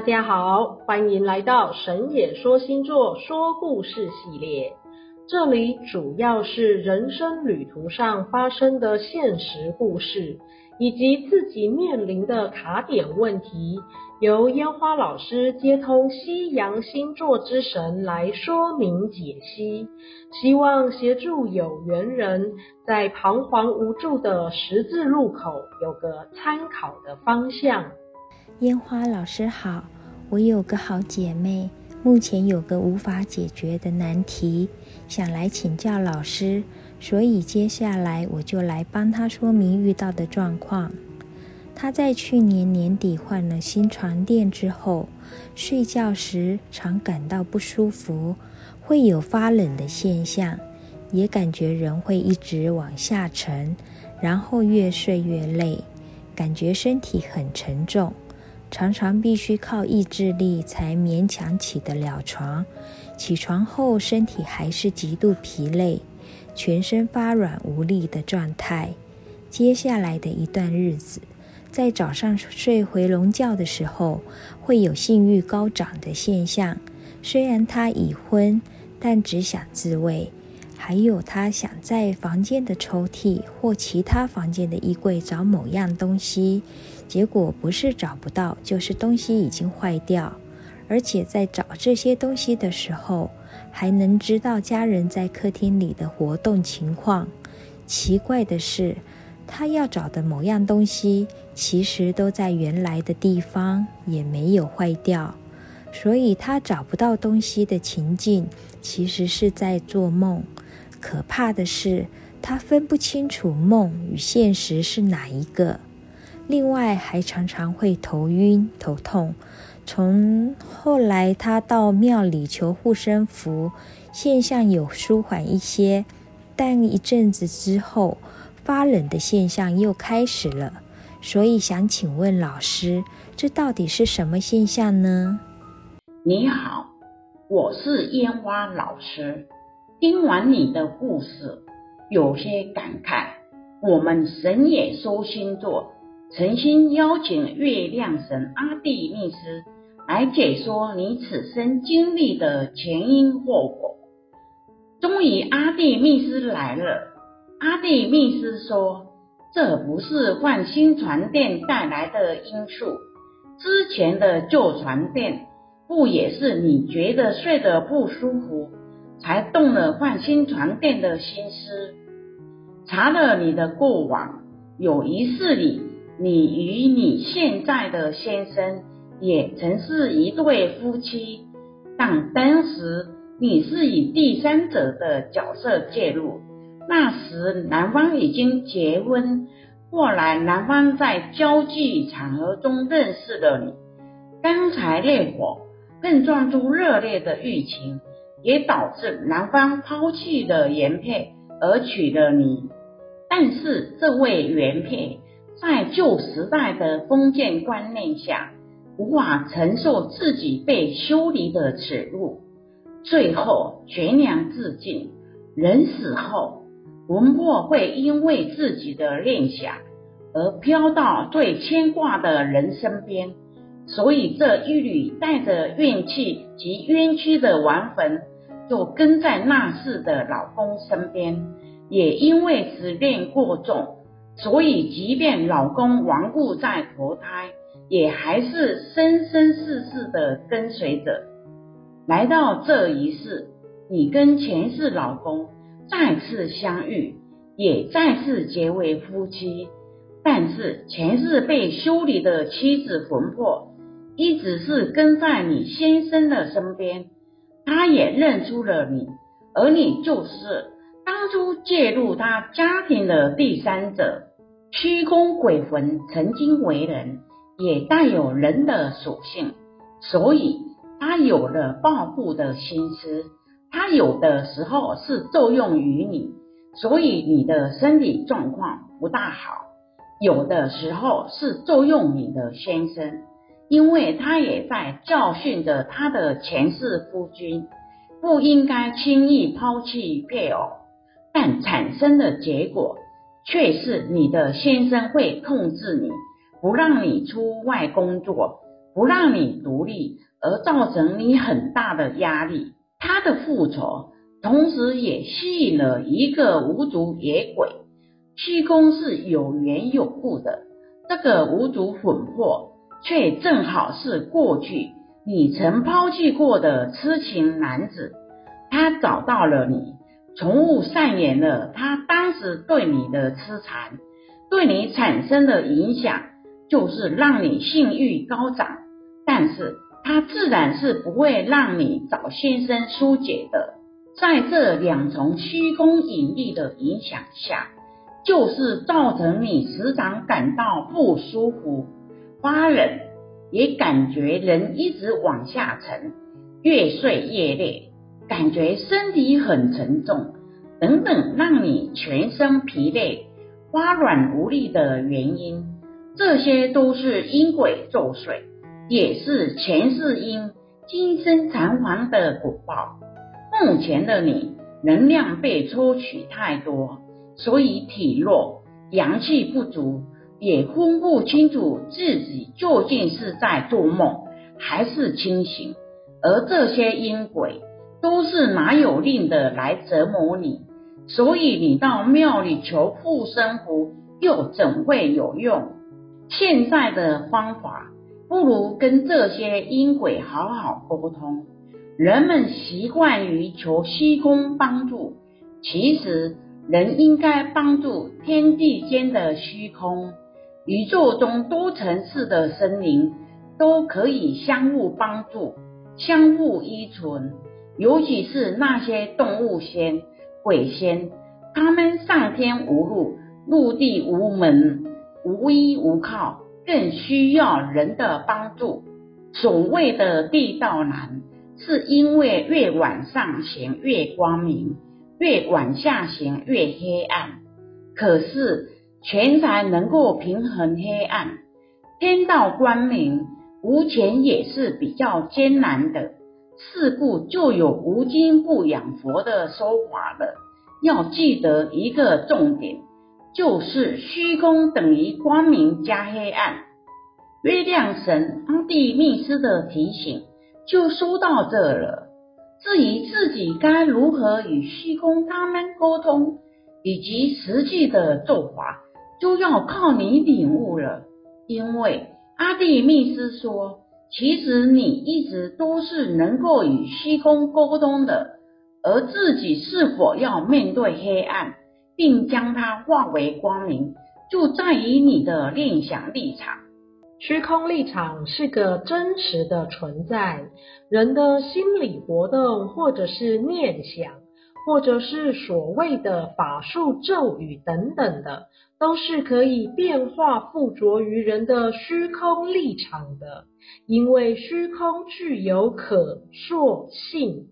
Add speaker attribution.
Speaker 1: 大家好，歡迎來到神野說星座說故事系列。這裡主要是人生旅途上發生的現實故事，以及自己面臨的卡點問題，由煙花老師接通西洋星座之神來說明解析，希望協助有緣人在彷徨無助的十字路口有個參考的方向。
Speaker 2: 煙花老師好，我有個好姐妹，目前有個無法解決的難題，想來請教老師，所以接下來我就來幫她說明遇到的狀況。她在去年年底換了新床墊之後，睡覺時常感到不舒服，會有發冷的現象，也感覺人會一直往下沉，然後越睡越累，感覺身體很沉重。常常必須靠意志力才勉強起得了床，起床後身體還是極度疲累，全身發軟無力的狀態。接下來的一段日子，在早上睡回籠覺的時候，會有性慾高漲的現象。雖然他已婚，但只想自慰。還有，他想在房間的抽屜或其他房間的衣櫃找某樣東西，結果不是找不到，就是東西已經壞掉。而且在找這些東西的時候，還能知道家人在客廳裡的活動情況。奇怪的是，他要找的某樣東西其實都在原來的地方，也沒有壞掉。所以，他找不到東西的情境，其實是在做夢。可怕的是，他分不清楚夢與現實是哪一個。另外，還常常會頭暈頭痛。從後來，他到廟裡求護身符，現象有舒緩一些，但一陣子之後，發冷的現象又開始了。所以，想請問老師，這到底是什麼現象呢？你好，
Speaker 1: 我是煙花老師。聽完你的故事，有些感慨。我們神野說星座誠心邀請月亮神阿蒂密斯來解說你此生經歷的前因後果。終於，阿蒂密斯來了。阿蒂密斯說：“這不是換新床墊帶來的因素，之前的舊床墊不也是你覺得睡得不舒服？”才動了換新床墊的心思。查了你的過往，有一世裡，你與你現在的先生也曾是一對夫妻，但當時你是以第三者的角色介入。那時男方已經結婚，後來男方在交際場合中認識了你，乾柴烈火，碰撞出熱烈的欲情。也導致男方拋棄了原配而娶了你，但是這位原配在舊時代的封建觀念下，無法承受自己被休離的恥辱，最後懸梁自盡。人死後，魂魄會因為自己的念想而飄到最牽掛的人身邊，所以這一縷帶着怨氣及冤屈的亡魂。就跟在那世的老公身邊，也因為執念過重，所以即便老公亡故在投胎，也還是生生世世的跟隨著。來到這一世，你跟前世老公再次相遇，也再次結為夫妻。但是前世被修理的妻子魂魄，一直是跟在你先生的身邊。他也認出了你，而你就是當初介入他家庭的第三者。虛空鬼魂曾經為人，也帶有人的屬性，所以他有了報復的心思。他有的時候是作用於你，所以你的身體狀況不大好；有的時候是作用你的先生。因為他也在教訓着他的前世夫君，不應該輕易拋棄配偶，但產生的結果卻是你的先生會控制你，不讓你出外工作，不讓你獨立，而造成你很大的壓力。他的復仇，同時也吸引了一個無主野鬼。虛空是有緣有故的，這個無主魂魄。卻正好是過去你曾拋棄過的癡情男子，他找到了你，從無上演了他當時對你的癡纏，對你產生的影響就是讓你性慾高漲，但是他自然是不會讓你找先生疏解的，在這兩重虛空引力的影響下，就是造成你時常感到不舒服。發冷，也感覺人一直往下沉，越睡越累，感覺身體很沉重，等等，讓你全身疲累、發軟無力的原因，這些都是陰鬼作祟，也是前世因、今生償還的果報。目前的你，能量被抽取太多，所以體弱，陽氣不足。也分不清楚自己究竟是在做夢還是清醒，而這些陰鬼都是拿有令的來折磨你，所以你到廟裡求護身符又怎會有用？現在的方法不如跟這些陰鬼好好溝通。人們習慣於求虛空幫助，其實人應該幫助天地間的虛空。宇宙中多層次的生靈都可以相互幫助、相互依存，尤其是那些動物仙、鬼仙，他們上天無路、入地無門、無依無靠，更需要人的幫助。所謂的地道難，是因為越往上行越光明，越往下行越黑暗。可是。錢財能夠平衡黑暗，天道光明，無錢也是比較艱難的。自古就有“無金不養佛”的說法了。要記得一個重點，就是虛空等於光明加黑暗。月亮神阿蒂密斯的提醒就說到這了。至於自己該如何與虛空他們溝通，以及實際的做法。就要靠你領悟了，因為阿蒂密斯說，其實你一直都是能夠與虛空溝通的，而自己是否要面對黑暗，並將它化為光明，就在於你的念想力場。虛空力場是個真實的存在，人的心理活動或者是念想，或者是所謂的法術、咒語等等的，都是可以變化附着於人的虛空力場的，因為虛空具有可塑性。